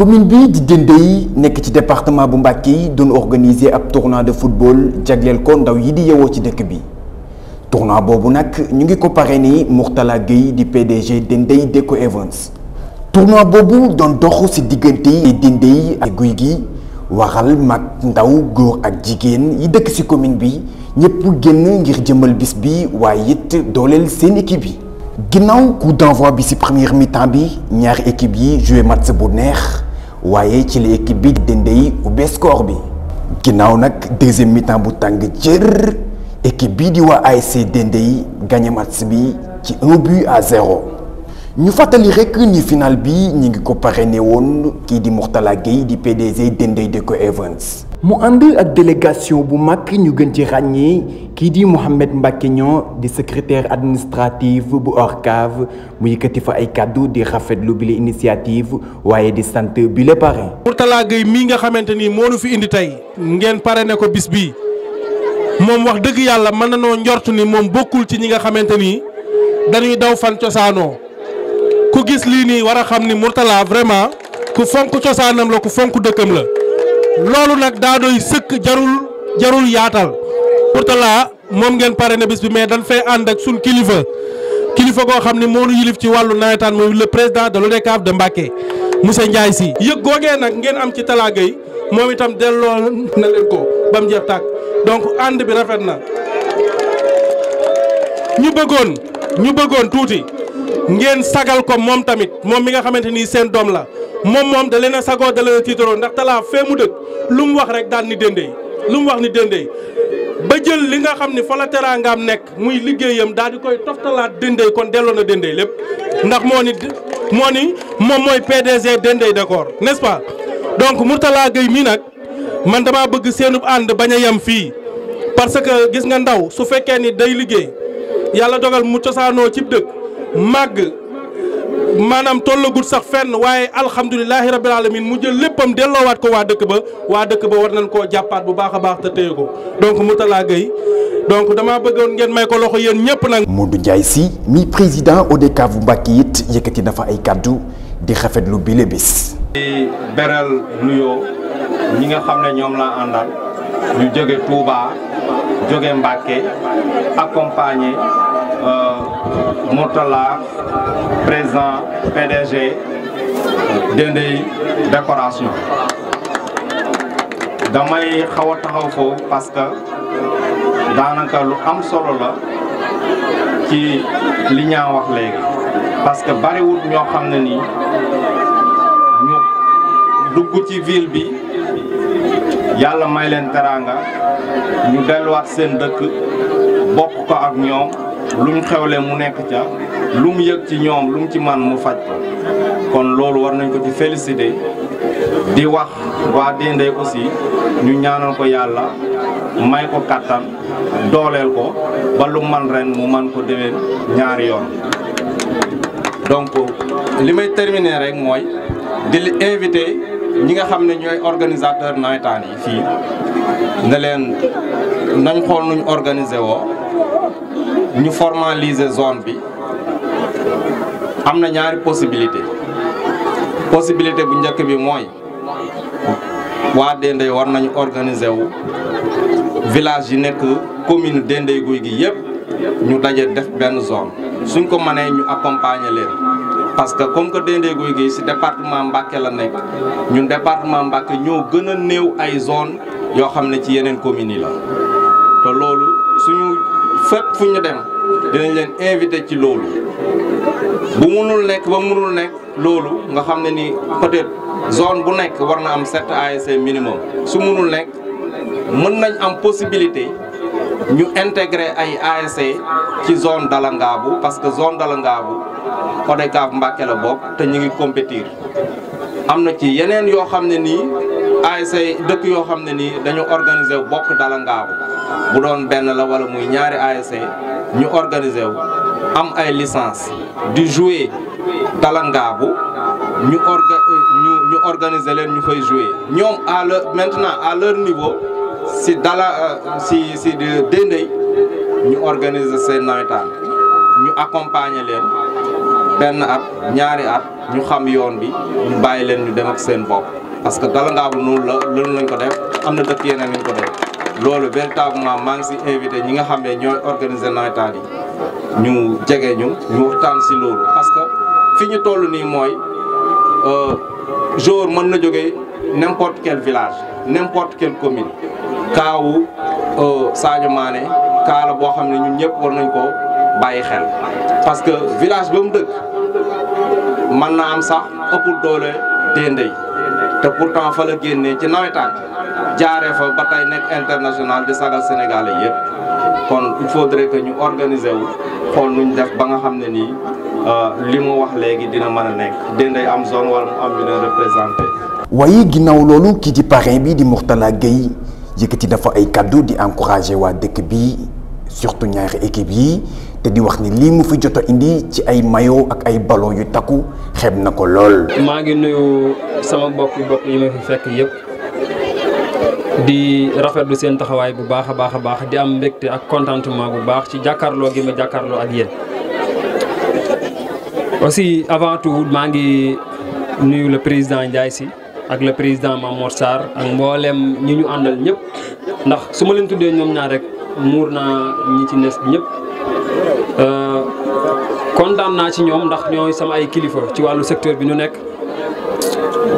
commune bi di Dendeye nekk ci département bu Mbacké yi doon organiser ab tournoi de football jagleel ko ndaw yi di yewoo ci dëkk bi tournoi boobu nag ñu ngi ko parrainé Mourtala Gueye di PDG Dendeye Deco Events tournoi boobu doon dox ci diggante Dendeye ak guy gi waral mag ndaw góor ak jigéen yi dëkk ci commune bi ñëpp génn ngir jëmal bis bi waaye it dooleel seen équipe yi ginnaw coup d'envoi bi ci première mi bi ñaari équipe yi joué match bu neex waaye ci la équipe bi dende yi ubbe score bi ginnaaw nag deuxième mi bu tàng jër équipe bii di waa ASC dende yi match bi ci un but à zéro ñu fàttali rek ni final bi ñu ngi ko parrainé woon kii di Mourtala Gueye di PDG dende Deco Events mu ànd ak délégation bu mag ñu gën ci ràññee kii di Mouhamed Mbacké Niang di secrétaire administratif bu ORCAV mu yëkkati fa ay kàddu di rafetlu bi la initiative waaye di sant bi la parrain. Mourtala mii nga xamante ni moo nu fi indi tey ngeen pare ne ko bis bii moom wax dëgg yàlla mën na noo njort ni moom bokkul ci ñi nga xamante ni dañuy daw fan cosaanoo ku gis lii nii war a xam ni Mourtala vraiment ku fonk cosaanam la ku fonk dëkkam la. loolu nag daa doy sëkk jarul jarul yaatal Mourtalla moom ngeen pare na bis bi mais dañ fay ànd ak suñ kilifa kilifa goo xam ne moo nu yilif ci wàllu nawetaan mooy le président de l'ODCAV de Mbacké monsieur Ndiaye si yëg googee nag ngeen am ci talaaga yi moom itam delloo na leen ko ba mu jeex tàkk donc ànd bi rafet na ñu bëggoon bëggoon tuuti ngeen sagal ko moom tamit moom mi nga xamante ni seen doom la moom moom da leen a sagoo da leen a ndax Talla fee mu dëkk lu mu wax rek daal ni Dendeye lu mu wax ni Dendeye ba jël li nga xam ni fa teraangaam nekk muy liggéeyam daal di koy toftalaat Dendeye kon delloo na Dendeye lépp ndax moo ni moo ni moom mooy PDG Dendeye Décor n'est-ce pas donc Mourtala Gueye mii nag man damaa bëgg seenub ànd bañ a yem fii parce que gis nga ndaw su fekkee ni day liggéey yàlla dogal mu cosaanoo cib dëkk màgg maanaam tollagut sax fenn waaye alhamdulilahi rabbil alamin mu jël léppam waat ko waa dëkk ba waa dëkk ba war nañ koo jàppaat bu baax baax te téye ko donc Mourtalla Gueye donc damaa bëggoon ngeen may ko loxo yéen ñëpp nag. Modou Ndiaye Sy mi président ODCAV bu Mbàkke it yëkkati na dafa ay kàddu di lu bile bis. di beral nuyoo ñi nga xam ne ñoom laa àndal ñu jóge Touba jóge Mbàkke accompagné. Euh, Mourtala président PDG Dendey décoration damay xaw taxaw foofu parce que daanaka lu am solo la ci li ñaa wax léegi parce que bariwut ñoo xam ne nii ñu dugg ci ville bi yàlla may leen teraanga ñu delluwaat seen dëkk bokk ko ak ñoom lu xew leen mu nekk ca lu mu yëg ci ñoom lu mu ci man mu faj kon loolu war nañ ko ci félicité di wax waa Dendey aussi ñu ñaanal ko yàlla may ko kàttan dooleel ko ba lu man ren mu man ko déwén ñaari yoon donc li may terminer rek mooy di li invité ñi nga xam ne ñooy organisateur nawetaan yi fii ne leen nañ xool nuñ organiser woo ñu formaliser zone bi am na ñaari possibilité possibilité bu njëkk bi mooy waa Dendey war nañu organiser wu village yi nekk commune Dendey Guy gi yëpp ñu dajee def benn zone suñ ko mënee ñu accompagner leen parce que comme que Dendey Guy gi ci département Mbacké la nekk ñun département Mbacké ñoo gën a néew ay zone yoo xam ne ci yeneen communes yi la fépp fu ñu dem dinañ leen invité ci loolu bu munul nekk ba munul nekk loolu nga xam ne ni peut zone bu nekk war na am sept ASC minimum su munul nekk mën nañ am possibilité ñu intégrer ay ASC ci zone Dalangaabu parce que zone Dalangaabu ODCAV Mbàkke la bokk te ñu ngi compétir am na ci yeneen yoo xam ne nii ASC dëkk yoo xam ne nii dañu organiser bokk Dalangaabu bu doon benn la wala muy ñaari ASC e, ñu organiser wu am ay licence di jouer dalangaabu ñu orga ñu ñu organiser leen ñu fay jouer ñoom à leur maintenant à leur niveau si dala euh, si si Dendey ñu organiser seen nawetaan ñu accompagner leen benn at ñaari at ñu xam yoon bi ñu bàyyi leen ñu dem ak seen bopp parce que dalangaabu noonu la loolu lañ ko def am na dëkk yeneen lañ ko def. loolu véritablement maa ngi si invité ñi nga xam ne ñooy organiser nawetaan yi ñu jege ñu ñu waxtaan si loolu parce que fi ñu toll nii mooy euh, jour mën na jóge n'importe quel village n'importe quelle commune kaawu euh, Sadio Mané kaala la boo xam ne ñun ñëpp war nañ ko bàyyi xel parce que village ba mu dëkk mën na am sax ëppul doole déndey te pourtant fa la génnee ci nawetaan jaaree fa ba tey nekk international di sagal sénégalais yëpp kon il faudrait que ñu organiser wu xool nuñ def ba nga xam ne nii euh, li mu wax léegi dina mën a nekk dinday am zone waaye ginnaaw loolu kii di parrain bi di Mourtala Gueye yëkkati dafa ay kàddu di encouragé waa dëkk bi surtout ñaari équipe yi te di wax ni lii mu fi jot a indi ci ay maillot ak ay ballon yu takku xeeb na ko lool. maa ngi nuyu sama mbokk mbokk yi ma fi fekk yëpp. di rafetlu seen taxawaay bu baax a baax a baax di am mbégte ak contentement bu baax ci jàkkaarloo gi ma jàkkaarloo ak yéen. aussi avant tout maa ngi nuyu le président Ndiaye si ak le président ma Mamour Sarr ak mboolem ñi ñu àndal ñëpp ndax su ma leen tuddee ñoom ñaar rek muur naa ñi ci nes bi ñëpp. Euh, kontaan naa ci ñoom ndax ñoo sama ay kilifa ci wàllu secteur bi ñu nekk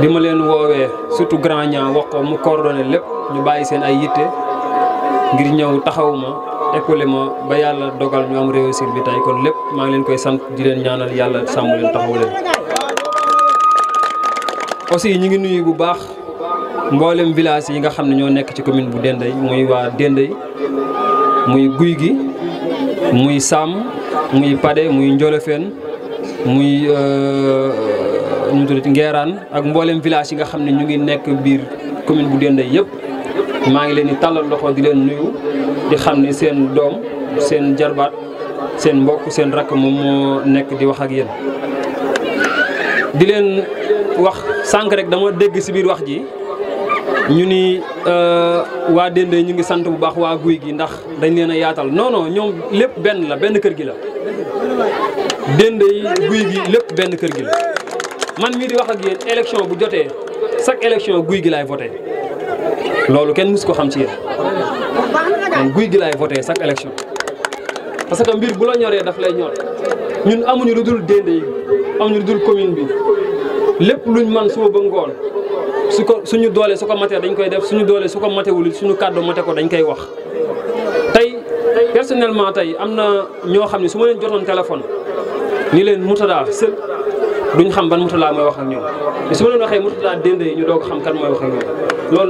bi ma leen woowee surtout grand ñaa wax ko mu coordonné lépp. ñu bàyyi seen ay yitte ngir ñëw taxaw ma épaulé ma ba yàlla dogal ñu am réussite bi tey kon lépp maa ngi leen koy sant di leen ñaanal yàlla sàmm leen taxaw leen. aussi ñu ngi nuyu bu baax mboolem village yi nga xam ne ñoo nekk ci commune bu Dendey muy waa Dendey muy Guy gi muy Sàmm muy Pade muy Njolofeen muy euh, nu mu tuddati Ngeeraan ak mboolem village yi nga xam ne ñu ngi nekk biir commune bu Dendey yëpp. maa ngi leen di tàllal doxoo di leen nuyu di xam ni seen doom seen jarbaat seen mbokk seen rakk moom moo nekk di wax ak yéen. di leen wax sànq rek dama dégg si biir wax ji ñu ni euh, waa Dendé ñu ngi sant bu baax waa guy gi ndax dañ leen a yaatal non non ñoom lépp benn la benn kër gi la. Dendé yi guy gi lépp benn kër gi la man mii di wax ak yéen élection bu jotee chaque élection guy gi laay voté. loolu kenn mus ko xam ci yéen man guy gi laay voté chaque élection parce que mbir bu la ñoree daf lay ñor ñun amuñu lu dul dénd yi amuñu lu dul commune bi lépp lu ñu man suba ba ngoon su ko suñu doole su ko matee dañ koy def suñu doolee su ko matewul suñu kàddu mate ko dañ koy wax. tey personnellement tey am na ñoo xam ne su ma leen jotoon téléphone ni leen Moutada Seul. duñ xam ban Mourtalla mooy wax mooy wax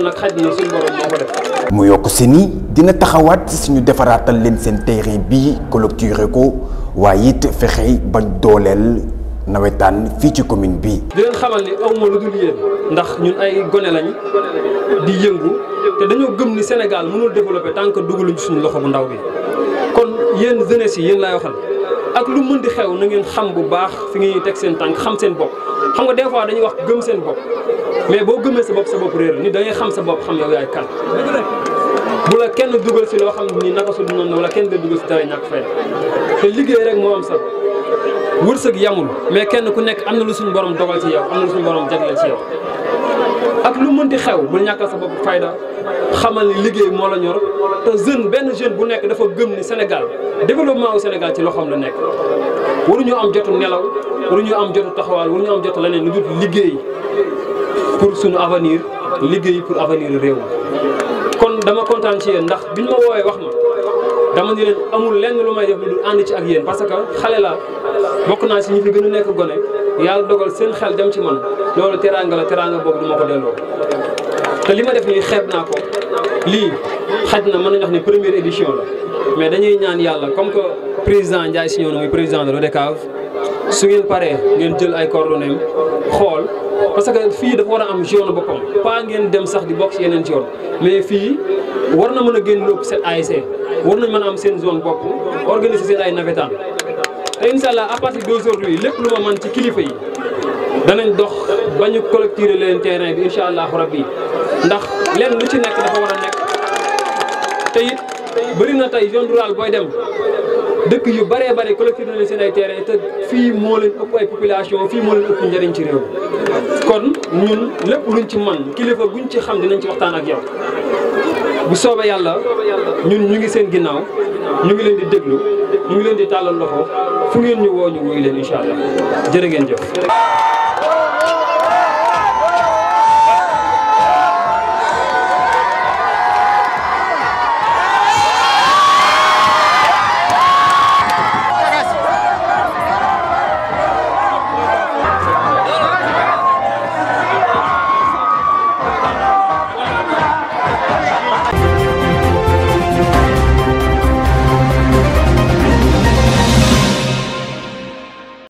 nag xaj na suñu borom moo ko def. mu yokk si nii dina taxawaat suñu defaraatal leen seen terrain bii clôturer ko waaye it fexe ba dooleel nawetaan fii ci commune bi di xamal ni aw lu dul yéen ndax ñun ay gone lañ di yëngu te dañoo gëm ni Sénégal mënul développer tant que dugaluñ suñu loxo bu ndaw bi kon yéen jeunesse yi yéen laay waxal. ak lu mën di xew na ngeen xam bu baax fi ngeen teg seen tànk xam seen bopp xam nga des fois dañuy wax gëm seen bopp mais boo gëmee si bopp sa bopp réer ni da ngay xam sa bopp xam yow yaay kan bu la kenn dugal si loo xam ni naka su du noonu wala kenn da dugal si dara ñàkk fay te liggéey rek moo am sax wërsëg yamul mais kenn ku nekk am na lu suñu borom dogal ci yow am na suñu borom jagleel ci yow ak lu mënti xew bul ñàkkal sa bopp fayda xamal ni liggéey moo la ñor te jeune benn jeune bu nekk dafa gëm ni Sénégal développement wu Sénégal ci loxoom la nekk waruñu am jotu nelaw ñu am jotu taxawaal ñu am jot jotu leneen lu dul liggéey pour suñu avenir liggéey pour avenir réew kon dama kontaan ci yéen ndax biñ ma woowee wax ma dama ni leen amul lenn lu may def lu dul ànd ci ak yéen parce que xale la bokk naa si ñi fi gën a nekk gone yàlla dogal seen xel dem ci man loolu teraanga la teraanga boobu du ko delloo te li ma def nii xeeb xaj na mën nañu wax ne première édition la mais dañuy ñaan yàlla comme que président Ndiaye si ñëw na muy président de l'ODCAV su ngeen paree ngeen jël ay coordonnées xool parce que fii dafa war a am zone boppam pas ngeen dem sax di bokk ci yeneen zone mais fii war na mën a génn lépp seen ASC war nañ man a am seen zone bopp organiser seen ay navétanes te incha allah à partir d'aujourd'hui lépp lu ma mën ci kilifa yi danañ dox ba ñu collecter leen terrain bi incha allah rabbi ndax te it bëri na tey zone rurale booy dem dëkk yu bëree bëri collectif na seen ay terrain te fii moo leen ëpp ay population fii moo leen ëpp njëriñ ci réew kon ñun lépp luñ ci man kilifa guñ ci xam dinañ ci waxtaan ak yow bu soobee yàlla ñun ñu ngi seen ginnaaw ñu ngi leen di déglu ñu ngi leen di tàllal loxo fu ngeen ñu woo ñu leen incha allah jërë ngeen jëf.